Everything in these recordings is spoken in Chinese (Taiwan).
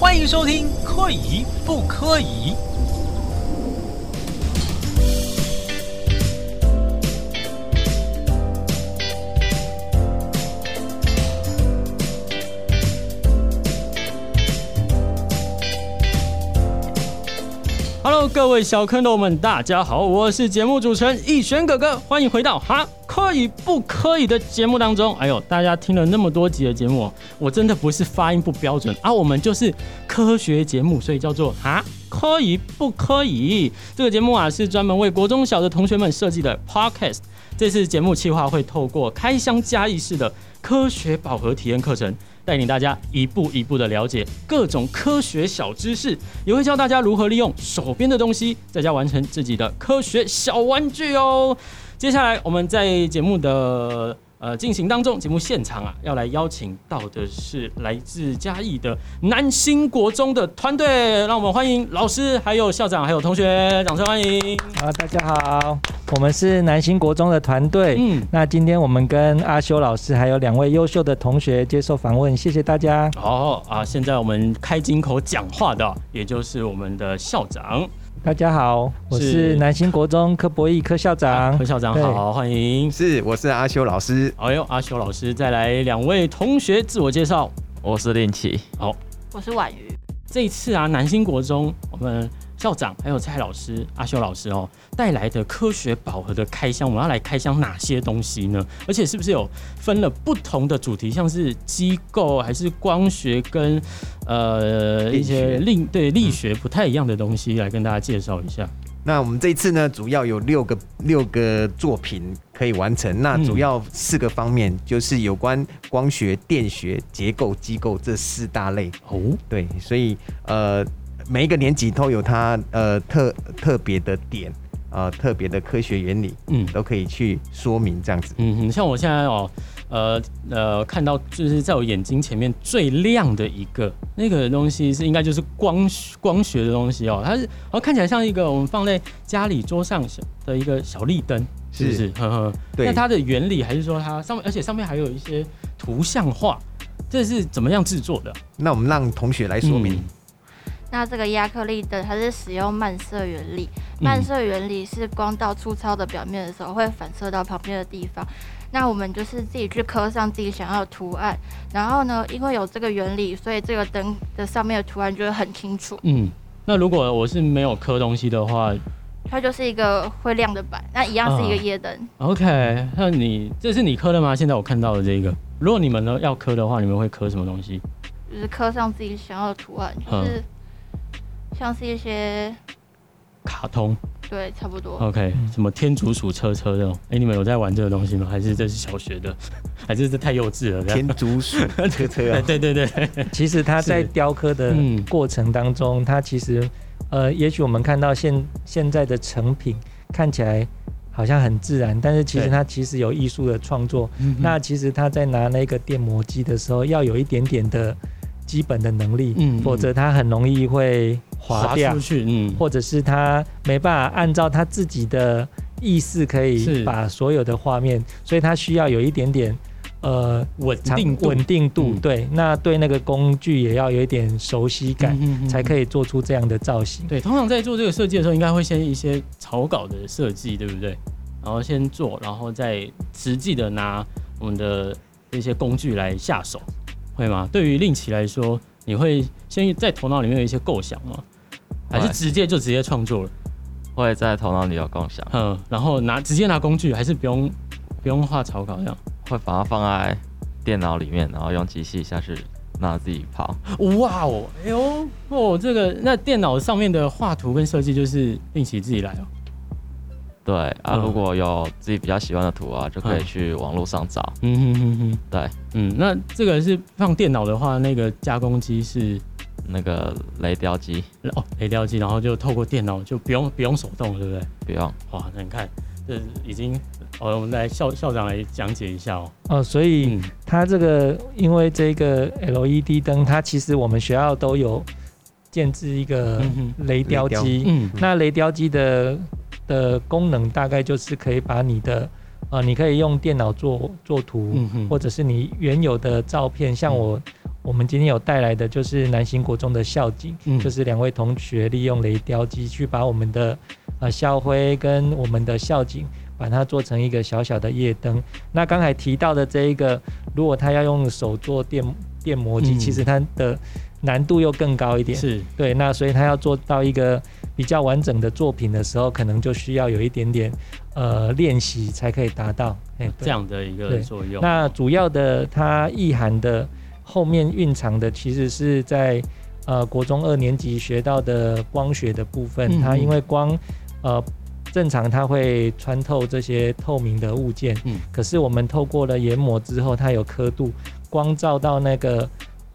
歡迎收聽《可以不可以》。Hello，各位小坑豆們，大家好，我是節目主持人一玄哥哥，歡迎回到哈。可以不可以的節目當中，哎呦，大家聽了那麼多集的節目，我真的不是發音不標準啊，我們就是科學節目，所以叫做啊，可以不可以？這個節目啊是專門為國中小的同學們設計的 Podcast。這次節目企劃會透過開箱加意式的科學寶盒體驗課程，帶領大家一步一步的了解各種科學小知識，也會教大家如何利用手邊的東西，在家完成自己的科學小玩具哦。接下來我們在節目的呃進行當中，節目現場啊要來邀請到的是來自嘉義的南興國中的團隊，讓我們歡迎老師、還有校長、還有同學，掌聲歡迎！啊，大家好，我們是南興國中的團隊，嗯，那今天我們跟阿修老師還有兩位優秀的同學接受訪問，謝謝大家。好、哦、啊，現在我們開金口講話的，也就是我們的校長。大家好，我是南興國中柯博毅柯校長，啊。柯校長好，對歡迎。是，我是阿修老師。好，哎、呦，阿修老師，再來兩位同學自我介紹。我是練奇，好，我是婉瑜。這一次啊，南興國中，我們。校長還有蔡老師、阿修老師哦、喔，帶來的科學寶盒的開箱，我們要來開箱哪些東西呢？而且是不是有分了不同的主題，像是機構還是光學跟、呃電學、一些力對力學不太一樣的東西、嗯、來跟大家介紹一下？那我們這一次呢，主要有六個六個作品可以完成，那主要四個方面、嗯、就是有關光學、電學、結構、機構這四大類哦。對，所以呃。每一個年級都有它呃特特別的點呃，特別的、呃、科學原理，嗯，都可以去說明這樣子。嗯，像我現在哦，呃呃，看到就是在我眼睛前面最亮的一個那個東西是應該就是光學光學的東西哦，它是哦看起來像一個我們放在家裡桌上小的一個小綠燈，是不是？是呵呵，對。那它的原理還是說它上面，而且上面還有一些圖像化，這是怎麼樣制作的？那我們讓同學來說明、嗯。那這個壓克力燈，它是使用漫射原理。漫射原理是光到粗糙的表面的時候會反射到旁邊的地方。那我們就是自己去刻上自己想要的圖案。然後呢，因為有這個原理，所以這個燈的上面的圖案就會很清楚。嗯，那如果我是沒有刻東西的話，它就是一個會亮的板，那一樣是一個夜燈、啊。OK，那你這是你刻的嗎？現在我看到的這個。如果你們呢要刻的話，你們會刻什麼東西？就是刻上自己想要的圖案，就是。嗯像是一些，卡通，對，差不多。OK，、嗯、什麼天竺鼠車車這種？哎，你們有在玩這個東西嗎？還是這是小學的？還是這太幼稚了？天竺鼠車車啊！ 對，對對對。其實他在雕刻的過程當中，嗯、他其實，呃，也許我們看到現現在的成品看起來好像很自然，但是其實他其實有藝術的創作。對那其實他在拿那個電磨機的時候，要有一點點的。基本的能力，嗯嗯，否則它，很容易會滑掉，滑出去嗯、或者是他沒辦法按照他自己的意思，可以把所有的畫面，是所以他需要有一點點呃穩定穩定度，定度嗯、對，那對那個工具也要有一點熟悉感，嗯嗯嗯才可以做出這樣的造型。對，通常在做這個設計的時候，應該會先一些草稿的設計，對不對？然後先做，然後再實際的拿我們的這些工具來下手。會嗎？對於令奇來說，你會先在頭腦裡面有一些構想嗎？還是直接就直接創作了？會在頭腦裡有構想，嗯，然後拿直接拿工具，還是不用不用畫草稿這樣？會把它放在電腦裡面，然後用機器下去讓它自己跑。哇哦，哎呦哦，這個那電腦上面的畫圖跟設計就是令奇自己來哦。對啊，嗯、如果有自己比較喜歡的圖啊，就可以去網絡上找。嗯嗯嗯嗯，對，嗯，那這個是放電腦的話，那個加工機是那個雷雕機哦，雷雕機，然後就透過電腦，就不用不用手動，對不對？不用。哇，那你看，這已經，哦，我們來校校長來講解一下哦。哦，所以它這個，嗯、因為這個 LED 燈，它、嗯、其實我們學校都有建置一個雷雕機、嗯。嗯，那雷雕機的。的功能大概就是可以把你的啊、呃，你可以用電腦做做圖，嗯、哼或者是你原有的照片。像我、嗯、我們今天有帶來的就是南興國中的校景，嗯、就是兩位同學利用雷雕機去把我們的啊、呃、校徽跟我們的校景把它做成一個小小的夜燈。那剛才提到的這一個，如果他要用手做電電磨機，嗯、其實它的。難度又更高一點，是對。那所以他要做到一個比較完整的作品的時候，可能就需要有一點點呃練習才可以達到這樣的一個作用。那主要的它意涵，的後面蘊藏的，其實是在呃，國中二年級學到的光學的部分。它、嗯嗯、因為光呃正常它會穿透這些透明的物件，嗯、可是我們透過了研磨之後，它有刻度，光照到那個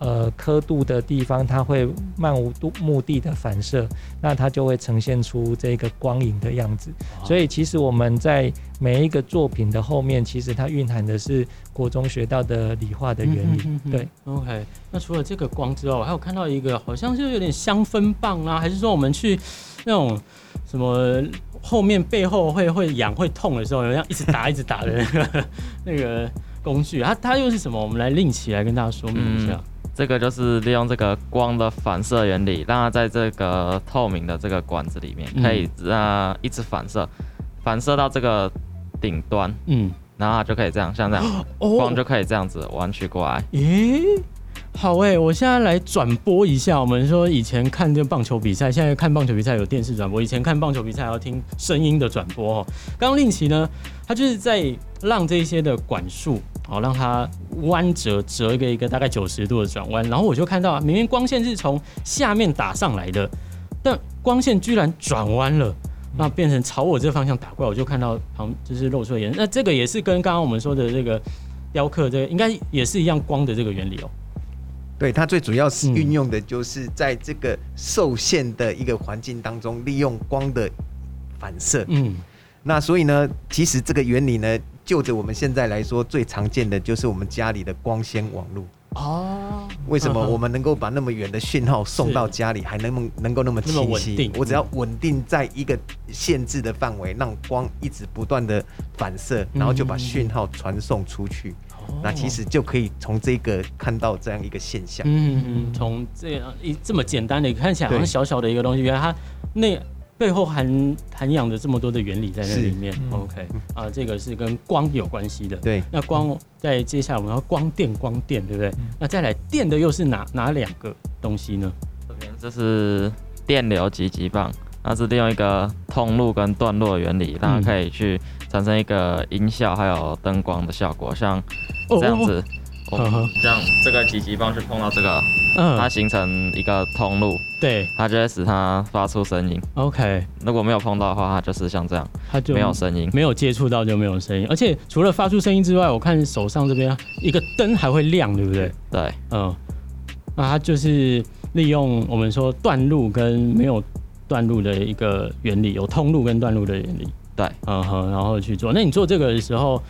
呃，刻度的地方，它會漫無目的的反射，那它就會呈現出這個光影的樣子。哦，所以其實我們在每一個作品的後面，其實它蘊含的是國中學到的理化的原理。嗯哼嗯哼，對。OK，那除了這個光之外，我還有看到一個，好像就有點香氛棒啊，還是說我們去那種什麼後面背後會會癢會痛的時候，有樣一直打 一直打的那個那個工具，它它又是什麼？我們來另起來跟大家說明一下。嗯這個就是利用這個光的反射原理，讓它在這個透明的這個管子裡面可以啊一直反射，反射到這個頂端，嗯，然後它就可以這樣像這樣，光就可以這樣子、哦、彎曲過來。咦？好喂、欸，我現在來轉播一下。我們說以前看這棒球比賽，現在看棒球比賽有電視轉播。以前看棒球比賽還要聽聲音的轉播哦、喔，剛剛令奇呢，他就是在讓這一些的管束，好讓它彎折，折一個一個大概九十度的轉彎。然後我就看到，明明光線是從下面打上來的，但光線居然轉彎了，那變成朝我這方向打過來。我就看到旁就是露出眼睛。那這個也是跟剛剛我們說的這個雕刻，這個應該也是一樣光的這個原理哦、喔。對，它最主要是運用的，就是在這個受限的一個環境當中，利用光的反射。嗯，那所以呢，其實這個原理呢，就着我們現在來說，最常見的就是我們家裡的光纖網絡。哦，為什麼我們能夠把那麼遠的訊號送到家裡，還能是能夠那麼清晰？我只要穩定在一個限制的範圍，嗯，讓光一直不斷的反射，然後就把訊號傳送出去。嗯嗯那其實就可以從這個看到這樣一個現象。嗯嗯，從、嗯、這樣一這麼簡單的看起來好像小小的一個東西，對原來它那背後含含養的這麼多的原理在那裡面。是 OK，、嗯、啊，這個是跟光有關係的。對，那光在接下來我們要光電光電，對不對？嗯、那再來電的又是哪哪兩個東西呢？這,這是電流急急棒，那是利用一個通路跟斷路原理，大家可以去、嗯。產生一個音效，還有燈光的效果，像這樣子，這樣這個急急棒就碰到這個，嗯、它形成一個通路，對，它就會使它發出聲音。OK，如果沒有碰到的話，它就是像這樣，它就沒有聲音，沒有接觸到就沒有聲音。而且除了發出聲音之外，我看手上這邊一個燈還會亮，對不對？對，嗯，那它就是利用我們說斷路跟沒有斷路的一個原理，有通路跟斷路的原理。對，嗯哼、uh，huh，然後去做。那你做這個的時候，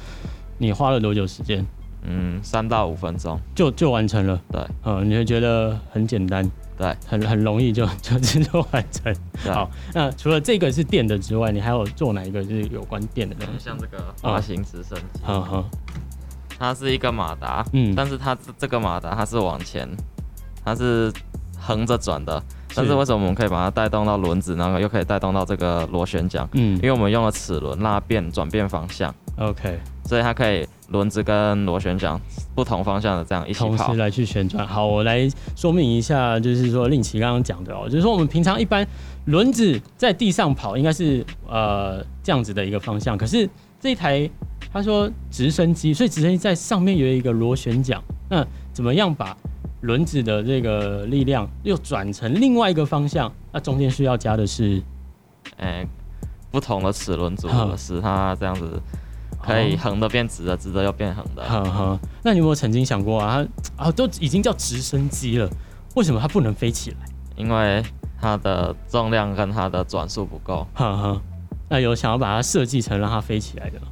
你花了多久時間？嗯，三到五分鐘就就完成了。對，嗯，uh，你會覺得很簡單，對，很很容易就就就完成。對好，那除了這個是電的之外，你還有做哪一個就是有關電的？像這個滑行直升機，嗯哼、uh，huh，它是一個馬達，嗯，但是它這個馬達它是往前，它是。橫着轉的，但是為什麼我們可以把它帶動到輪子，然後又可以帶動到這個螺旋槳？嗯，因為我們用了齒輪拉變轉變方向，OK，所以它可以輪子跟螺旋槳不同方向的這樣一起跑，同時來去旋轉。好，我來說明一下，就是說令奇剛剛講的哦、喔，就是說我們平常一般輪子在地上跑應，應該是呃這樣子的一個方向，可是這一台他說直升機，所以直升機在上面有一個螺旋槳，那怎麼樣把？輪子的這個力量又轉成另外一個方向，那中間需要加的是，欸、不同的齒輪組合，使它這樣子可以橫的變直的，直的又變橫的，哦哦哦。那你有沒有曾經想過啊？它啊，都已經叫直升機了，為什麼它不能飛起來？因為它的重量跟它的轉速不夠，哦哦。那有想要把它設計成讓它飛起來的嗎？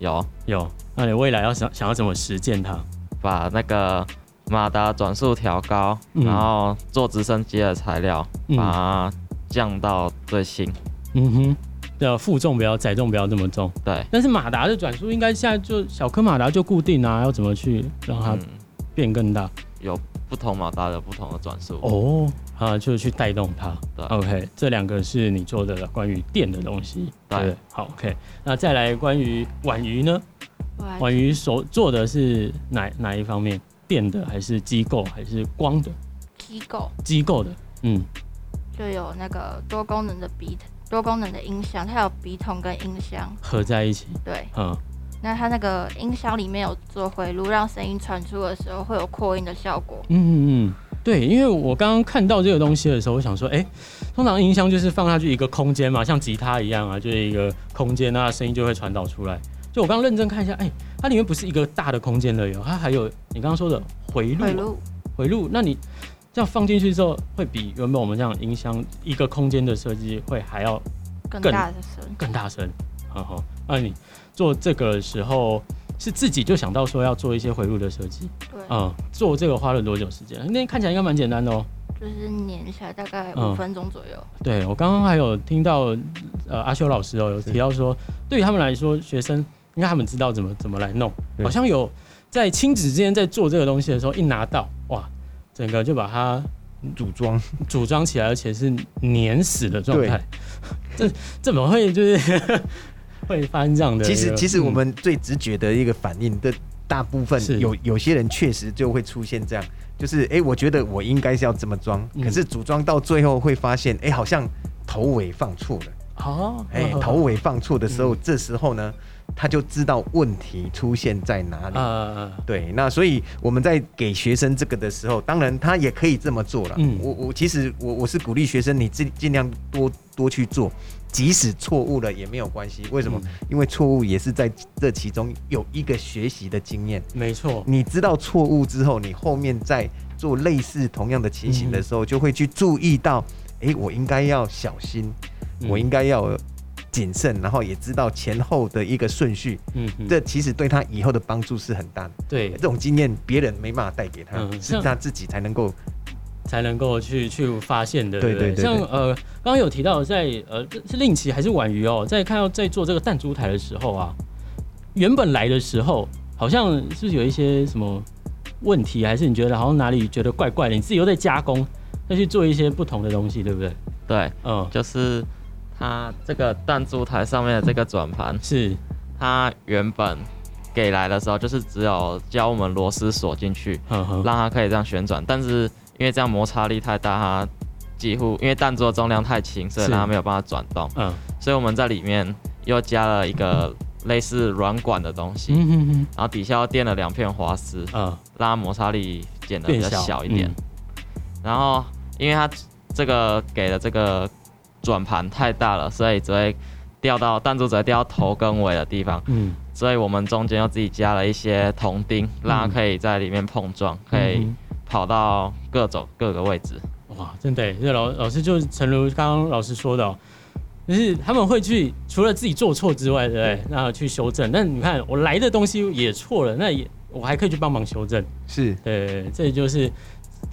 有有。那你未來要想想要怎麼實踐它？把那個。馬達轉速調高，嗯、然後做直升機的材料，嗯、把它降到最輕。嗯哼，要負重不要載重，不要那麼重。對，但是馬達的轉速應該現在就小顆馬達就固定啊，要怎麼去讓它變更大、嗯？有不同馬達的不同的轉速哦，啊，就去帶動它。對 OK，這兩個是你做的關於電的東西。對，對好，OK，那再來關於婉瑜呢？婉瑜所做的是哪哪一方面？電的還是機構還是光的？機構機構的，嗯，就有那個多功能的筆筒，多功能的音箱，它有筆筒跟音箱合在一起。對，嗯，那它那個音箱裡面有做回路，讓聲音傳出的時候會有擴音的效果。嗯嗯嗯，對，因為我剛剛看到這個東西的時候，我想說，哎，通常音箱就是放下去一個空間嘛，像吉他一樣啊，就是一個空間啊，那聲音就會傳導出來。就我剛剛認真看一下，哎、欸，它裡面不是一個大的空間而已喔，它還有你剛剛說的回路，回路、路。那你這樣放進去之後會比原本我們這樣音箱一個空間的設計會還要更、更大的聲，更大聲。好好，那你做這個時候是自己就想到說要做一些回路的設計？對，嗯，做這個花了多久時間？那看起來應該蠻簡單的哦、喔。就是粘起來大概五分鐘左右。嗯、對我剛剛還有聽到呃阿修老師哦、喔、有提到說，是對於他們來說學生。應該他們知道怎麼怎麼來弄，好像有在親子之間在做這個東西的時候，一拿到哇，整個就把它組裝組裝起來，而且是粘死的狀態。這怎麼會就是會發生這樣的？其實，其實我們最直覺的一個反應的大部分有有些人確實就會出現這樣，就是哎，我覺得我應該是要這麼裝，可是組裝到最後會發現，哎，好像頭尾放錯了哦。哎，頭尾放錯的時候，這時候呢？他就知道問題出現在哪裡啊？Uh, 對，那所以我們在給學生這個的時候，當然他也可以這麼做了。嗯，我我其實我我是鼓勵學生，你儘儘量多多去做，即使錯誤了也沒有關係。為什麼？嗯、因為錯誤也是在這其中有一個學習的經驗。沒錯，你知道錯誤之後，你後面在做類似同樣的情形的時候，嗯、就會去注意到，哎、欸，我應該要小心，我應該要。謹慎，然後也知道前後的一個順序，嗯哼，這其實對他以後的幫助是很大的。對，這種經驗別人沒辦法帶給他，嗯、是他自己才能夠，才能夠去去發現的。對，對對對。像呃，剛剛有提到在呃是令旗還是婉瑜哦，在看到在做這個彈珠台的時候啊，原本來的時候好像是不是有一些什麼問題，還是你覺得好像哪裡覺得怪怪的？你自己又在加工，再去做一些不同的東西，對不對？對，嗯，就是。它這個彈珠台上面的這個轉盤是它原本給來的時候，就是只有教我們螺絲鎖進去，呵呵讓它可以這樣旋轉。但是因為這樣摩擦力太大，它幾乎因為彈珠的重量太輕，所以它沒有辦法轉動。嗯，所以我們在裡面又加了一個類似軟管的東西，嗯、呵呵然後底下又墊了兩片滑絲，嗯，讓它摩擦力減得比較小一點。嗯、然後因為它這個給的這個。轉盤太大了，所以只會掉到彈珠只會掉到頭跟尾的地方。嗯，所以我們中間又自己加了一些銅釘，讓它可以在裡面碰撞，嗯、可以跑到各種各個位置。嗯嗯哇，真的，這老、個、老師就是誠如剛剛老師說的，喔，就是他們會去除了自己做錯之外，對，然後去修正。但你看我來的東西也錯了，那也我還可以去幫忙修正。是，對，對，對，這就是。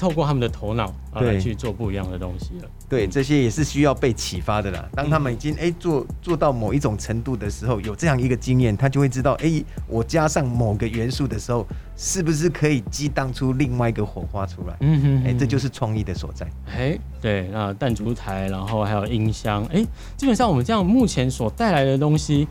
透過他們的頭腦對、啊、來去做不一樣的東西了。對，這些也是需要被啟發的啦。當他們已經誒、嗯欸、做做到某一種程度的時候，有這樣一個經驗，他就會知道誒、欸，我加上某個元素的時候，是不是可以激盪出另外一個火花出來？嗯嗯，哎、欸，這就是創意的所在。哎、欸，對，那彈珠台，然後還有音箱、欸，基本上我們這樣目前所帶來的東西，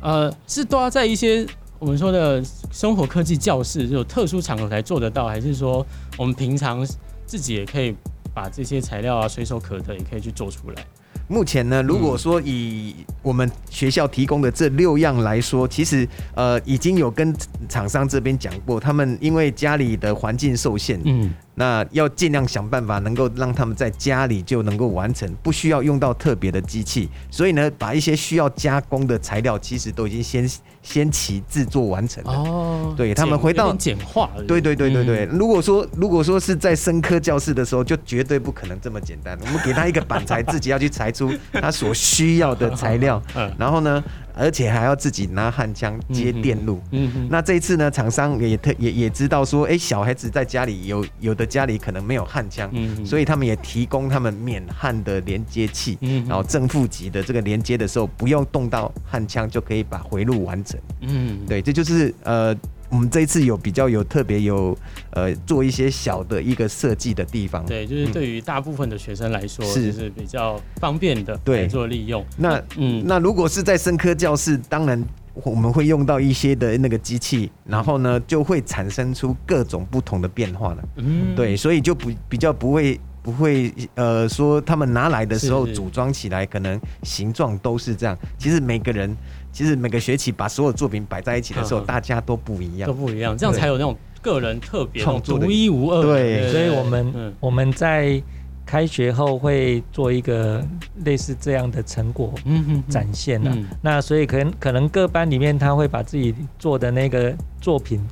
呃，是都要在一些。我們說的生活科技教室，這種特殊場合才做得到，還是說我們平常自己也可以把這些材料啊，隨手可得，也可以去做出來？目前呢，如果說以我們學校提供的這六樣來說，嗯、其實呃已經有跟廠商這邊講過，他們因為家裡的環境受限，嗯。那要儘量想辦法，能夠讓他們在家裡就能夠完成，不需要用到特別的機器。所以呢，把一些需要加工的材料，其實都已經先先期制作完成了。哦，對他們回到簡化，對對對對對。嗯，如果說如果說是在生科教室的時候，就絕對不可能這麼簡單。我們給他一個板材， 自己要去裁出他所需要的材料。嗯， 然後呢？而且還要自己拿焊槍接電路，嗯，嗯，那這一次呢，廠商也特也也知道說、欸，小孩子在家裡有有的家裡可能沒有焊槍，嗯、哼所以他們也提供他們免焊的連接器，嗯哼，然後正負極的這個連接的時候，不用動到焊槍就可以把回路完整，嗯哼，對，這就是呃。我們這一次有比較有特別有呃做一些小的一個設計的地方，對，就是對於大部分的學生來說，嗯、是是比較方便的，對，可以做利用。那嗯，那如果是在生科教室，當然我們會用到一些的那個機器，然後呢就會產生出各種不同的變化了，嗯，對，所以就不比較不會。不會，呃，說他們拿來的時候組裝起來，是是可能形狀都是這樣。其實每個人，其實每個學期把所有作品擺在一起的時候，呵呵大家都不一樣，都不一樣，對這樣才有那種個人特別創對作的獨一無二。對，對對對，所以我們我們在開學後會做一個類似這樣的成果嗯嗯，展現了、啊嗯嗯嗯、那所以可能可能各班裡面他會把自己做的那個作品。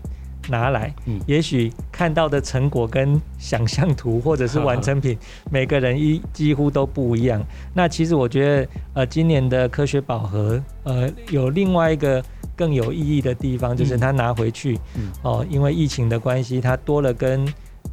拿來，嗯，也許看到的成果跟想象圖或者是完成品，了每個人一幾乎都不一樣。那其實我覺得，呃，今年的科學寶盒，呃，有另外一個更有意義的地方，就是他拿回去，嗯嗯、哦，因為疫情的關係，他多了跟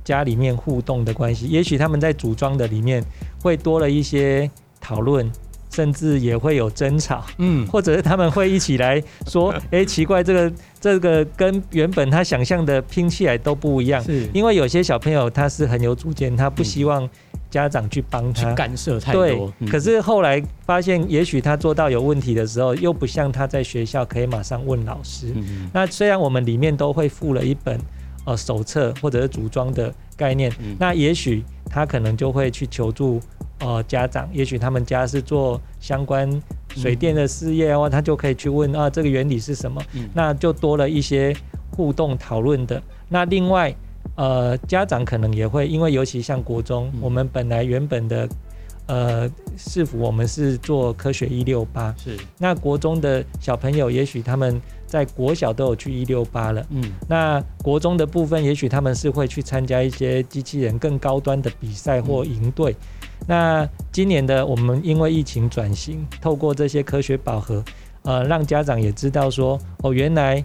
家裡面互動的關係。也許他們在組裝的裡面會多了一些討論，甚至也會有爭吵，嗯，或者是他們會一起來說，哎、 欸，奇怪這個。這個跟原本他想象的拼起來都不一樣，是因為有些小朋友他是很有主見，他不希望家長去幫他、嗯、去干涉太多。對，嗯、可是後來發現，也許他做到有問題的時候，又不像他在學校可以馬上問老師。嗯、哼那雖然我們裡面都會附了一本呃手冊或者是組裝的概念，嗯、那也許他可能就會去求助。哦、呃，家長也許他們家是做相關水電的事業的哦、話，嗯、他就可以去問啊，這個原理是什麼？嗯、那就多了一些互動討論的。那另外，呃，家長可能也會，因為尤其像國中，嗯、我們本來原本的，呃，市府我們是做科學一六八。是。那國中的小朋友，也許他們在國小都有去一六八了。嗯。那國中的部分，也許他們是會去參加一些機器人更高端的比賽或營隊。嗯嗯那今年的我們因為疫情轉型，透過這些科學寶盒，呃，讓家長也知道說，哦，原來。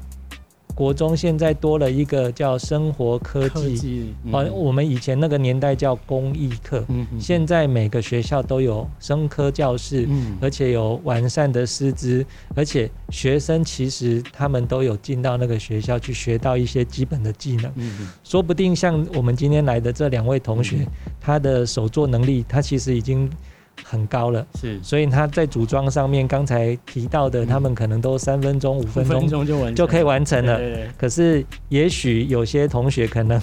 國中現在多了一個叫生活科技，科技嗯、好像我們以前那個年代叫工藝課。嗯、哼現在每個學校都有生科教室，嗯、哼而且有完善的師資，嗯、哼而且學生其實他們都有進到那個學校去學到一些基本的技能。嗯、哼說不定像我們今天來的這兩位同學，嗯、哼他的手作能力，他其實已經。很高了，是，所以他在組裝上面，剛才提到的，他們可能都三分鐘、五、嗯、分鐘就完就可以完成了。對對對。可是，也許有些同學可能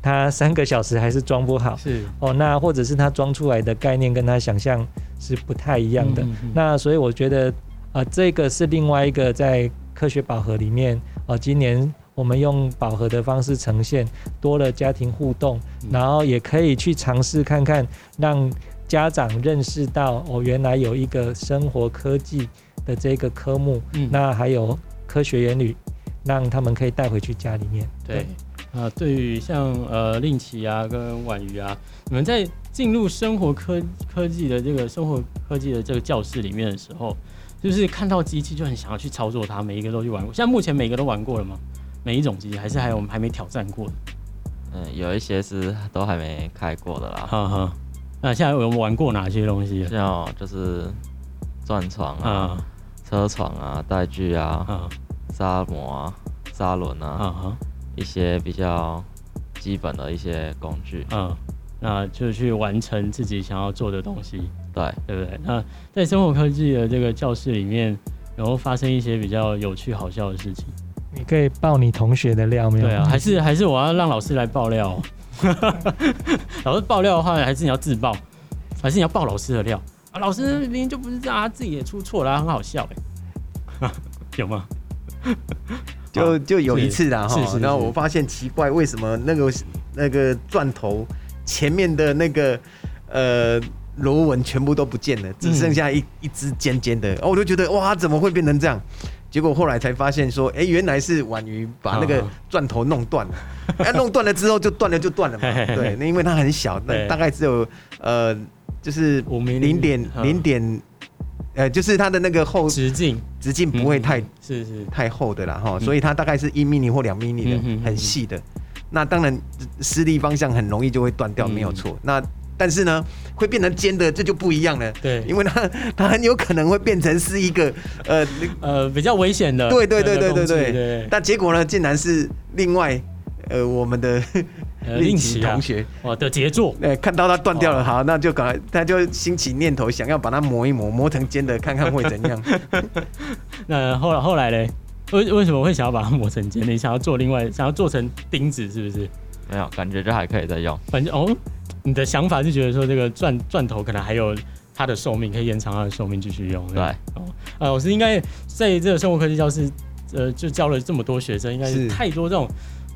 他三個小時還是裝不好，是哦。那或者是他裝出來的概念跟他想象是不太一樣的。嗯、哼那所以我覺得啊、呃，這個是另外一個在科學寶盒裡面、呃、今年我們用寶盒的方式呈現多了家庭互動，嗯、然後也可以去嘗試看看讓。家長認識到哦，原來有一個生活科技的這個科目，嗯，那還有科學原理，讓他們可以帶回去家裡面。對，啊對、呃，對於像呃令琪啊跟婉瑜啊，你們在進入生活科科技的這個生活科技的這個教室裡面的時候，就是看到機器就很想要去操作它，每一個都去玩過。現在、嗯、目前每個都玩過了嗎？每一種機器還是還有我們還沒挑戰過的？嗯，有一些是都還沒開過的啦。哈哈。那現在我們玩過哪些東西？像就是鑽床啊、嗯、車床啊、帶鋸啊、砂模、嗯、啊、砂輪啊，嗯嗯、一些比較基本的一些工具。嗯，嗯那就去完成自己想要做的東西。對，對不對？那在生活科技的這個教室裡面，然後發生一些比較有趣好笑的事情。你可以爆你同學的料沒有？對啊， 還是還是我要讓老師來爆料。 老師爆料的話，還是你要自爆，還是你要爆老師的料啊？老師明明就不是這樣，他自己也出錯了啊，很好笑。 有嗎？就就有一次啦，是是是是是，然後我發現奇怪，為什麼那個那個鑽頭前面的那個呃螺紋全部都不見了，只剩下一一只尖尖的哦，嗯，我就覺得哇，怎麼會變成這樣？結果後來才發現說，哎、欸，原來是婉瑜把那個鑽頭弄斷了。哎、欸，弄斷了之後就斷了，就斷了嘛。對，那因為它很小，那大概只有呃，就是零點零點，呃，就是它的那個厚直徑，直徑不會太、嗯、是是太厚的啦哈。所以它大概是一米或兩米的，嗯哼嗯哼嗯很細的。那當然，施力方向很容易就會斷掉，嗯、沒有錯。那但是呢，會變成尖的，這就不一樣了。對，因為它它很有可能會變成是一個呃呃比較危險的。對，對對對對對對。對對對對對但結果呢，竟然是另外呃我們的另一名同學哇的傑作。哎、呃，看到它斷掉了，哦、好，那就趕快，他就興起念頭，想要把它磨一磨，磨成尖的，看看會怎樣。 那後來後來嘞，為為什麼會想要把它磨成尖？你想要做另外想要做成釘子，是不是？沒有，感覺這還可以再用。反正哦。你的想法是覺得說這個鑽鑽頭可能還有它的壽命，可以延長它的壽命繼續用。對。嗯，呃，我是應該在這個生活科技教室，呃，就教了這麼多學生，應該是太多這種。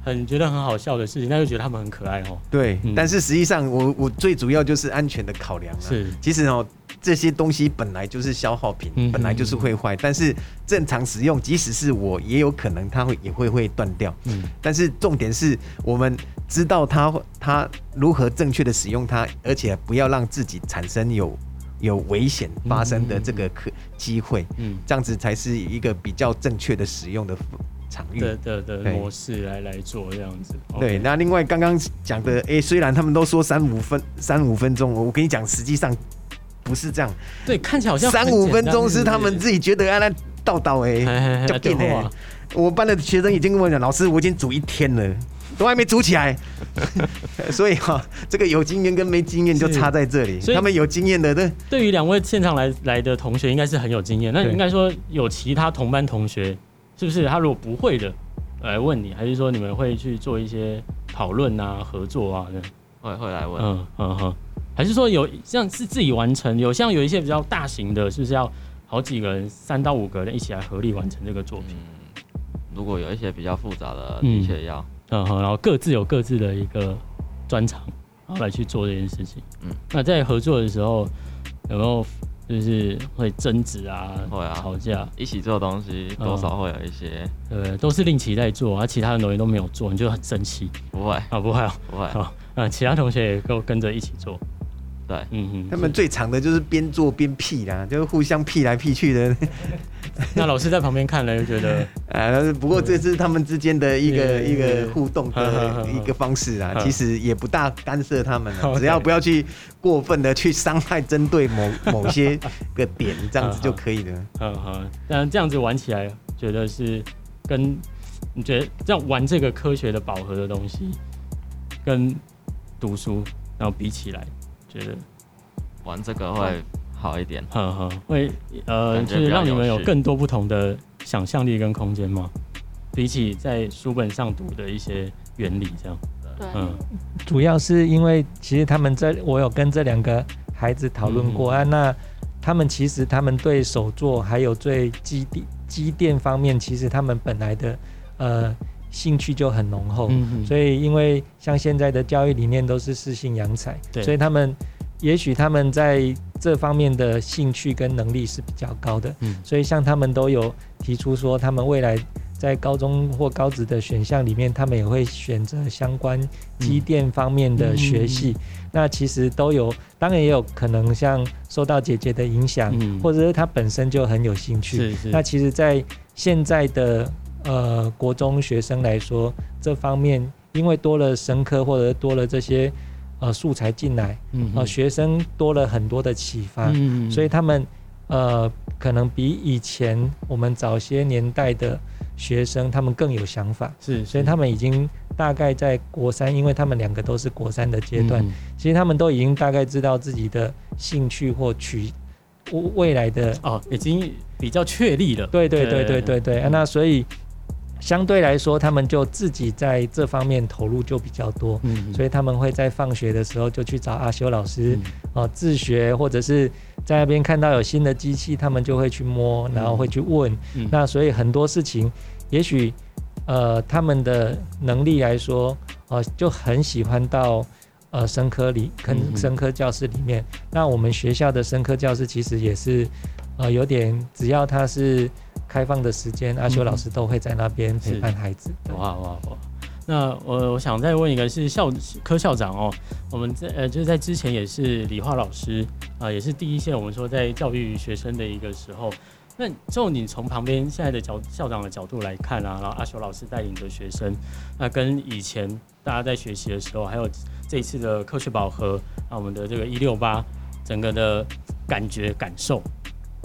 很覺得很好笑的事情，那就覺得他們很可愛哦、喔。對，嗯、但是實際上我，我我最主要就是安全的考量啊。是，其實哦、喔，這些東西本來就是消耗品，嗯、哼本來就是會壞。嗯、哼但是正常使用，即使是我也有可能，它會也會會斷掉。嗯，但是重點是，我們知道它它如何正確的使用它，而且不要讓自己產生有有危險發生的這個可機、嗯、哼會。嗯，這樣子才是一個比較正確的使用的。的的的模式來來做這樣子，對。那另外剛剛講的，哎，雖然他們都說三五分、三五分鐘，我我跟你講，實際上不是這樣。對，看起來好像三五分鐘，是他們自己覺得要來倒倒哎，就變哎。我班的學生已經跟我講，老師，我已經煮一天了，都還沒煮起來。所以哈，這個有經驗跟沒經驗就差在這裡。所以他們有經驗的，對。對於兩位現場來來的同學，應該是很有經驗。那應該說有其他同班同學。是不是他如果不會的來問你，還是說你們會去做一些討論啊、合作啊？是是會會來問。嗯嗯好。還是說有像是自己完成，有像有一些比較大型的，是、就、不是要好幾個人三到五個人一起來合力完成這個作品、嗯？如果有一些比較複雜的，的確要嗯。嗯好，然後各自有各自的一個專長，然後來去做這件事情。嗯。那在合作的時候，有沒有？就是會爭執啊，會啊吵架，一起做的東西多少會有一些，嗯、對，都是令其在做啊，其他的東西都沒有做，你就很生氣，不會啊，不會啊，不會啊，嗯，其他同學也都跟跟着一起做，對，嗯哼，他們最常的就是邊做邊屁啦，就是互相屁來屁去的。 那老師在旁邊看了，就覺得，呃、啊，不過這是他們之間的一個、嗯、一個互動的一個方式啊，呵呵呵其實也不大干涉他們了，好只要不要去過分的去傷害，針對某對某些個點這樣子就可以了。呵呵嗯好，但這樣子玩起來，覺得是跟你覺得這樣玩這個科學的寶盒的東西，跟讀書然後比起來，覺得玩這個會。嗯好一點，嗯哼呵，會呃，就是讓你們有更多不同的想象力跟空間嗎？比起在書本上讀的一些原理，這樣。對，嗯，主要是因為其實他們在我有跟這兩個孩子討論過、嗯、啊。那他們其實他們對手作還有對機電、機電方面，其實他們本來的呃興趣就很濃厚。嗯哼所以因為像現在的教育理念都是適性揚才，對，所以他們也許他們在。這方面的興趣跟能力是比較高的，嗯，所以像他們都有提出說，他們未來在高中或高職的選項裡面，他們也會選擇相關機電方面的學習。嗯嗯、那其實都有，當然也有可能像受到姐姐的影響，嗯、或者是他本身就很有興趣。是是。那其實，在現在的呃國中學生來說，這方面因為多了生科或者多了這些。呃，素材進來，呃、嗯哼，學生多了很多的啟發，嗯、哼所以他們呃，可能比以前我們早些年代的學生，他們更有想法。是，是，所以他們已經大概在國三，因為他們兩個都是國三的階段，嗯、哼其實他們都已經大概知道自己的興趣或取未來的哦，已經比較確立了。對，對對對對對對，欸啊、那所以。相對來說，他們就自己在這方面投入就比較多，嗯、哼所以他們會，在放學的時候就去找阿修老師，哦、嗯，自學，或者是在那邊看到有新的機器，他們就會去摸，嗯、然後會去問。嗯、那所以很多事情，也許，呃，他們的能力來說，哦、呃，就很喜歡到，呃，生科裡跟生科教室裡面。嗯、哼那我們學校的生科教室其實也是。呃，有點，只要他是開放的時間，嗯、阿修老師都會在那邊陪伴孩子。哇哇哇！對對那我我想再問一個，是校科校長哦、喔，我們在呃就是在之前也是理化老師啊、呃，也是第一線，我們說在教育學生的一個時候，那就你從旁邊現在的角校長的角度來看啊，然後阿修老師帶領的學生，那跟以前大家在學習的時候，還有這一次的科學寶盒啊，我們的這個一六八整個的感覺感受。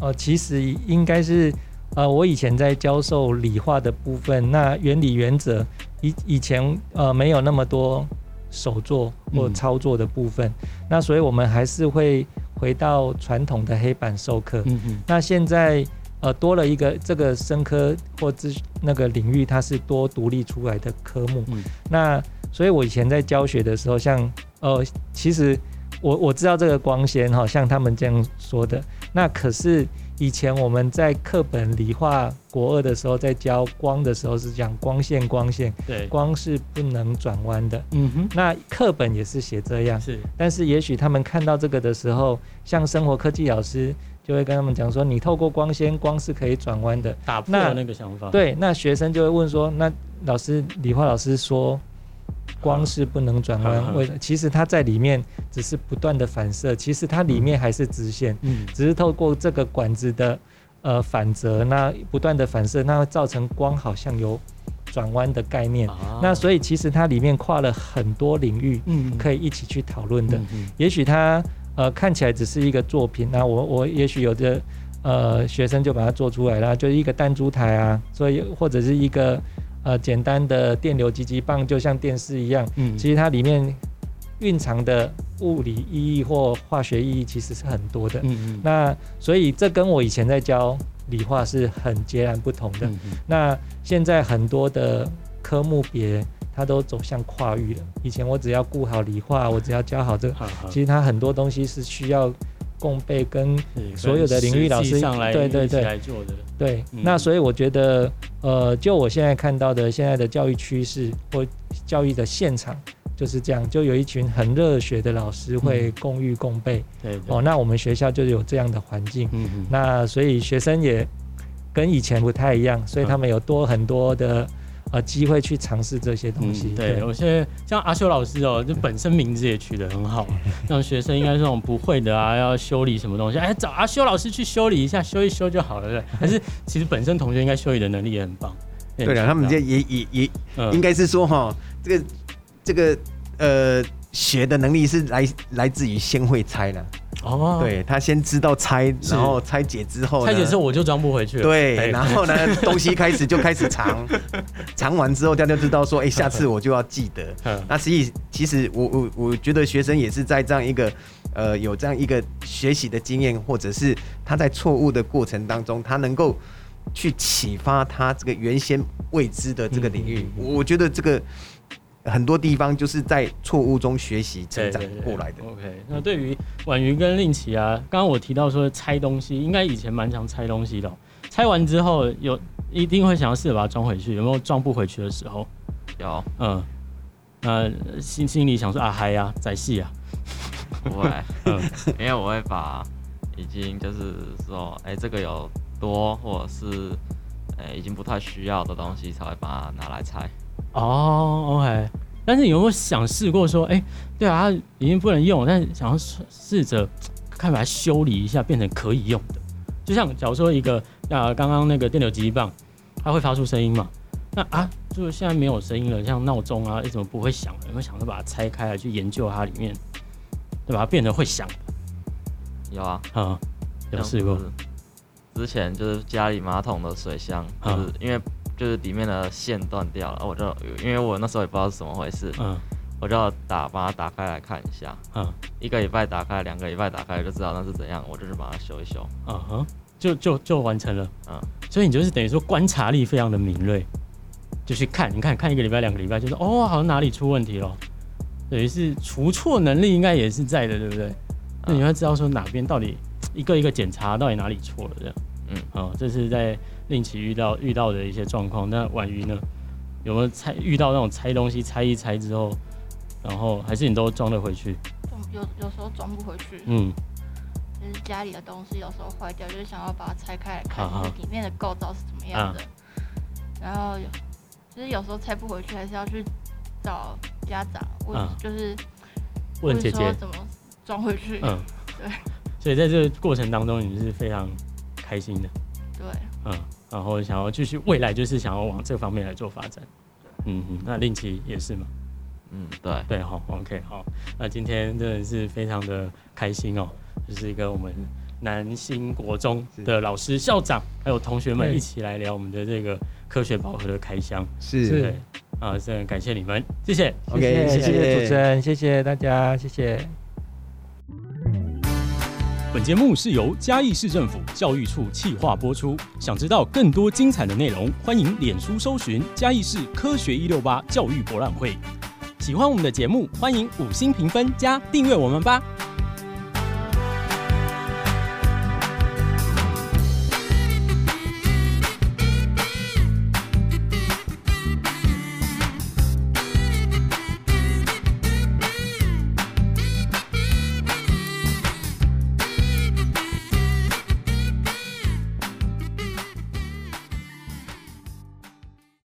呃，其實應該是，呃，我以前在教授理化的部分，那原理原則以以前呃沒有那麼多手作或操作的部分，嗯、那所以我們還是會回到傳統的黑板授課。嗯嗯。那現在，呃多了一個這個生科或知那個領域，它是多獨立出來的科目。嗯。那所以我以前在教學的時候像，像呃，其實我我知道這個光纖哈，像他們這樣說的。那可是以前我們在課本理化國二的時候，在教光的時候是講光，光線，光線，對，光是不能轉彎的。嗯哼，那課本也是寫這樣。是，但是也許他們看到這個的時候，像生活科技老師就會跟他們講說，你透過光纖，光是可以轉彎的。打破了那個想法。對，那學生就會問說，那老師，理化老師說。光是不能轉彎，為其實它在裡面只是不斷的反射，其實它裡面還是直線，嗯，只是透過這個管子的呃反折，那不斷的反射，那會造成光好像有轉彎的概念，那所以其實它裡面跨了很多領域，嗯，可以一起去討論的。也許它呃看起來只是一個作品，啊，那我我也許有的呃學生就把它做出來了，就是一個彈珠台啊，所以或者是一個。呃，簡單的電流急急棒，就像電視一樣，嗯、其實它裡面蘊藏的物理意義或化學意義其實是很多的。嗯嗯，那所以這跟我以前在教理化是很截然不同的。嗯嗯，那現在很多的科目別，它都走向跨域了。以前我只要顧好理化，我只要教好這個，好好，其實它很多東西是需要。共備跟所有的領域老師，對對對，對，來，來做的。對，那所以我覺得，呃，就我現在看到的現在的教育趨勢或教育的現場就是這樣，就有一群很熱血的老師會共育共備。嗯，對對對。哦，那我們學校就有這樣的環境。嗯哼。那所以學生也跟以前不太一樣，所以他們有多很多的。呃，機會去嘗試這些東西。嗯、對，對，我覺得像阿修老師哦，就本身名字也取得很好。像對學生應該這種不會的啊， 要修理什麼東西，哎，找阿修老師去修理一下，修一修就好了的。對 還是其實本身同學應該修理的能力也很棒。 很對他們這也也也應該是說哈、哦，嗯、這個這個呃學的能力是來來自於先會猜的。哦，oh, 對他先知道拆，然後拆解之後，拆解之後我就裝不回去了。對，對然後呢， 東西開始就開始藏，藏 完之後他就知道說，哎、欸，下次我就要記得。 那其實，其實我我我覺得學生也是在這樣一個，呃，有這樣一個學習的經驗，或者是他在錯誤的過程當中，他能夠去啟發他這個原先未知的這個領域。嗯、我，我覺得這個。很多地方就是在錯誤中學習、成長過來的。OK，那對於婉瑜跟令奇啊，剛剛我提到說拆東西，應該以前蠻常拆東西的、哦。拆完之後有一定會想要試着把它裝回去，有沒有裝不回去的時候？有，嗯，那心心裡想說啊，嗨呀，仔細啊，啊不會， 嗯，因為我會把已經就是說，哎、欸，這個有多或者是、欸、已經不太需要的東西才會把它拿來拆。哦、oh,，OK，但是有沒有想試過說，哎、欸，對啊，已經不能用，但想要試着看把它修理一下，變成可以用的。就像假如說一個啊，剛剛那個電流急急棒，它會發出聲音嘛？那啊，就是現在沒有聲音了，像鬧鐘啊，為、欸、什麼不會響？有沒有想過把它拆開來，去研究它裡面，對吧？它變成會響？有啊，嗯，有試過。之前就是家裡馬桶的水箱，就、嗯、是因為。就是裡面的線斷掉了，我就因為我那時候也不知道是怎麼回事，嗯，我就要打把它打開來看一下，嗯，一個禮拜打開，兩個禮拜打開，就知道那是怎樣，我就是把它修一修，嗯哼、uh huh,，就就就完成了，嗯、uh，huh. 所以你就是等於說，觀察力非常的敏銳，就去看你看看一個禮拜兩個禮拜，拜就是哦好像哪裡出問題了，等於是除錯能力應該也是在的，對不對？那、uh huh. 你會知道說哪邊到底一個一個檢查到底哪裡錯了這樣，嗯、uh，好、huh.，這是在。定期遇到遇到的一些狀況，那婉瑜呢？有沒有拆遇到那種拆東西拆一拆之後，然後還是你都裝得回去？有有時候裝不回去，嗯，就是家裡的東西有時候壞掉，就是想要把它拆開來看好好裡面的構造是怎麼樣的，啊、然後有就是有時候拆不回去，還是要去找家長，問、啊、就是問姐姐怎麼裝回去，嗯，對。所以在這個過程當中，你是非常開心的，對，嗯。然後想要繼續未來就是想要往這方面來做發展，嗯哼，那令奇也是嘛，嗯，對，對、哦，好，OK，好，那今天真的是非常的開心哦，就是一個我們南興國中的老師、是校長還有同學們一起來聊我們的這個科學寶盒的開箱，是，啊，真的感謝你們，謝謝，OK，謝謝，謝謝主持人，謝謝大家，謝謝。本節目是由嘉義市政府教育處企劃播出。想知道更多精彩的內容，歡迎臉書搜尋嘉義市科學一六八教育博覽會。喜歡我們的節目，歡迎五星評分加訂閱我們吧。